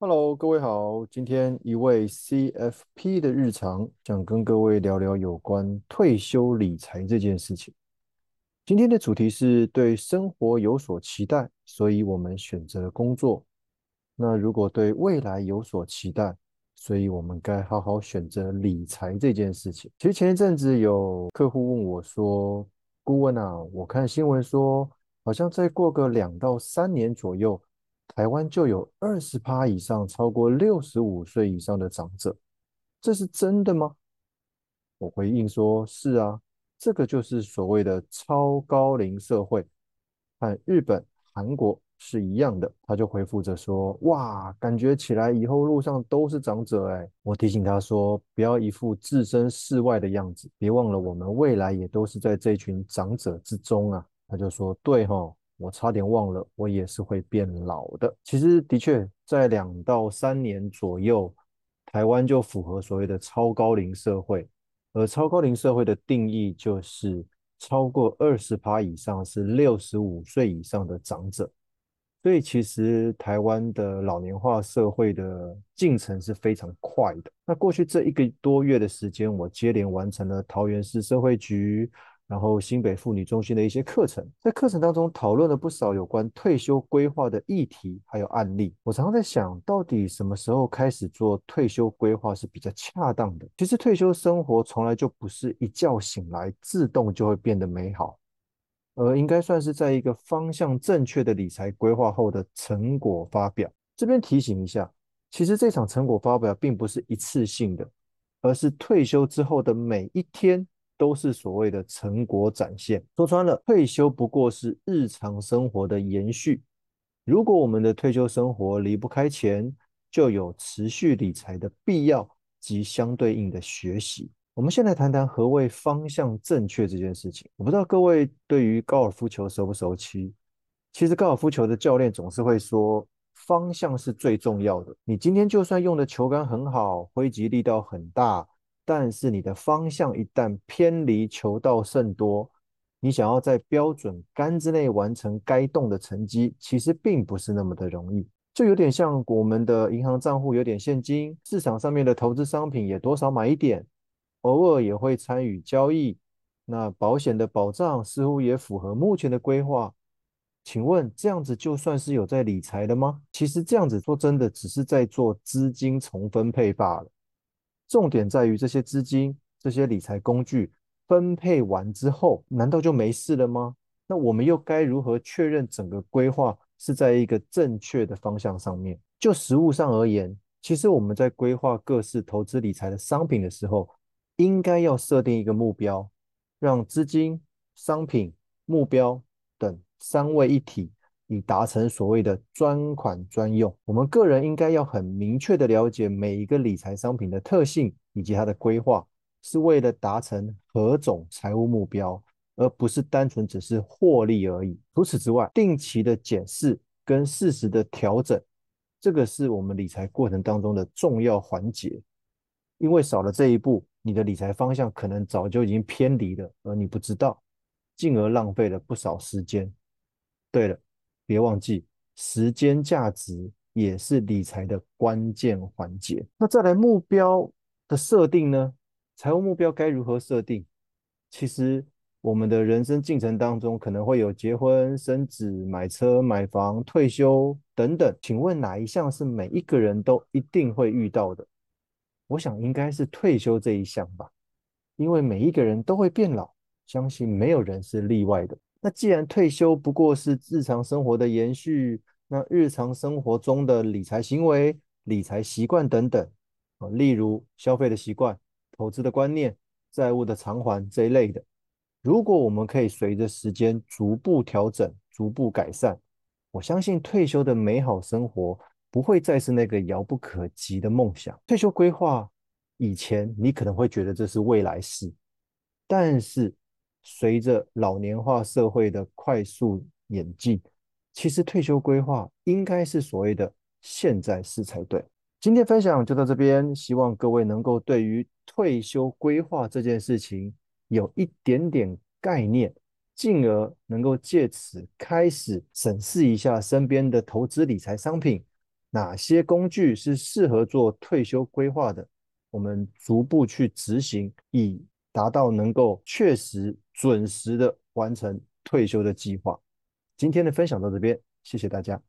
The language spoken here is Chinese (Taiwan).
Hello，各位好。今天一位 CFP 的日常，想跟各位聊聊有關退休理財這件事情。今天的主題是對生活有所期待，所以我們選擇了工作。那如果對未來有所期待，所以我們該好好選擇理財這件事情。其實前一陣子有客戶問我說：“顧問啊，我看新聞說，好像再過個兩到三年左右。”台灣就有二十趴以上，超過六十五歲以上的長者，這是真的嗎？我回應說：是啊，這個就是所謂的超高齡社會，和日本、韓國是一樣的。他就回覆着說：哇，感覺起來以後路上都是長者哎、欸。我提醒他說：不要一副置身事外的樣子，別忘了我們未來也都是在這群長者之中啊。他就說：對哦。我差點忘了，我也是會變老的。其實的確，在兩到三年左右，台灣就符合所謂的超高齡社會。而超高齡社會的定義就是超過二十趴以上是六十五歲以上的長者。所以，其實台灣的老年化社會的進程是非常快的。那過去這一個多月的時間，我接連完成了桃園市社會局。然後新北婦女中心的一些課程，在課程當中討論了不少有關退休規劃的議題，還有案例。我常常在想，到底什麼時候開始做退休規劃是比較恰當的？其實退休生活從來就不是一覺醒來自動就會變得美好，而應該算是在一個方向正確的理財規劃後的成果發表。這邊提醒一下，其實這場成果發表並不是一次性的，而是退休之後的每一天。都是所謂的成果展現。說穿了，退休不過是日常生活的延續。如果我們的退休生活離不開錢，就有持續理財的必要及相對應的學習。我們先來談談何謂方向正確這件事情。我不知道各位對於高爾夫球熟不熟悉？其實高爾夫球的教練總是會說，方向是最重要的。你今天就算用的球桿很好，揮擊力道很大。但是你的方向一旦偏離球道甚多，你想要在標準桿之內完成該洞的成績，其實並不是那麼的容易。就有點像我們的銀行賬戶有點現金，市場上面的投資商品也多少買一點，偶爾也會參與交易。那保險的保障似乎也符合目前的規劃。請問這樣子就算是有在理財的嗎？其實這樣子做真的只是在做資金重分配罷了。重點在於這些資金、這些理財工具分配完之後，難道就沒事了嗎？那我們又該如何確認整個規劃是在一個正確的方向上面？就實務上而言，其實我們在規劃各式投資理財的商品的時候，應該要設定一個目標，讓資金、商品、目標等三位一體。以達成所謂的專款專用，我們個人應該要很明確的了解每一個理財商品的特性以及它的規劃，是為了達成何種財務目標，而不是單純只是獲利而已。除此之外，定期的檢視跟適時的調整，這個是我們理財過程當中的重要環節。因為少了這一步，你的理財方向可能早就已經偏離了，而你不知道，進而浪費了不少時間。對了。別忘記，時間價值也是理財的關鍵環節。那再來目標的設定呢？財務目標該如何設定？其實，我們的人生進程當中可能會有結婚、生子、買車、買房、退休等等。請問哪一項是每一個人都一定會遇到的？我想應該是退休這一項吧，因為每一個人都會變老，相信沒有人是例外的。那既然退休不過是日常生活的延續，那日常生活中的理財行為、理財習慣等等，啊，例如消費的習慣、投資的觀念、債務的償還這一類的，如果我們可以隨着時間逐步調整、逐步改善，我相信退休的美好生活不會再是那個遙不可及的夢想。退休規劃以前你可能會覺得這是未來式，但是，隨着老年化社會的快速演進，其實退休規劃應該是所謂的現在式才對。今天分享就到這邊，希望各位能夠對於退休規劃這件事情有一點點概念，進而能夠借此開始審視一下身邊的投資理財商品，哪些工具是適合做退休規劃的，我們逐步去執行，以達到能夠確實。準時的完成退休的計劃。今天的分享到這邊，謝謝大家。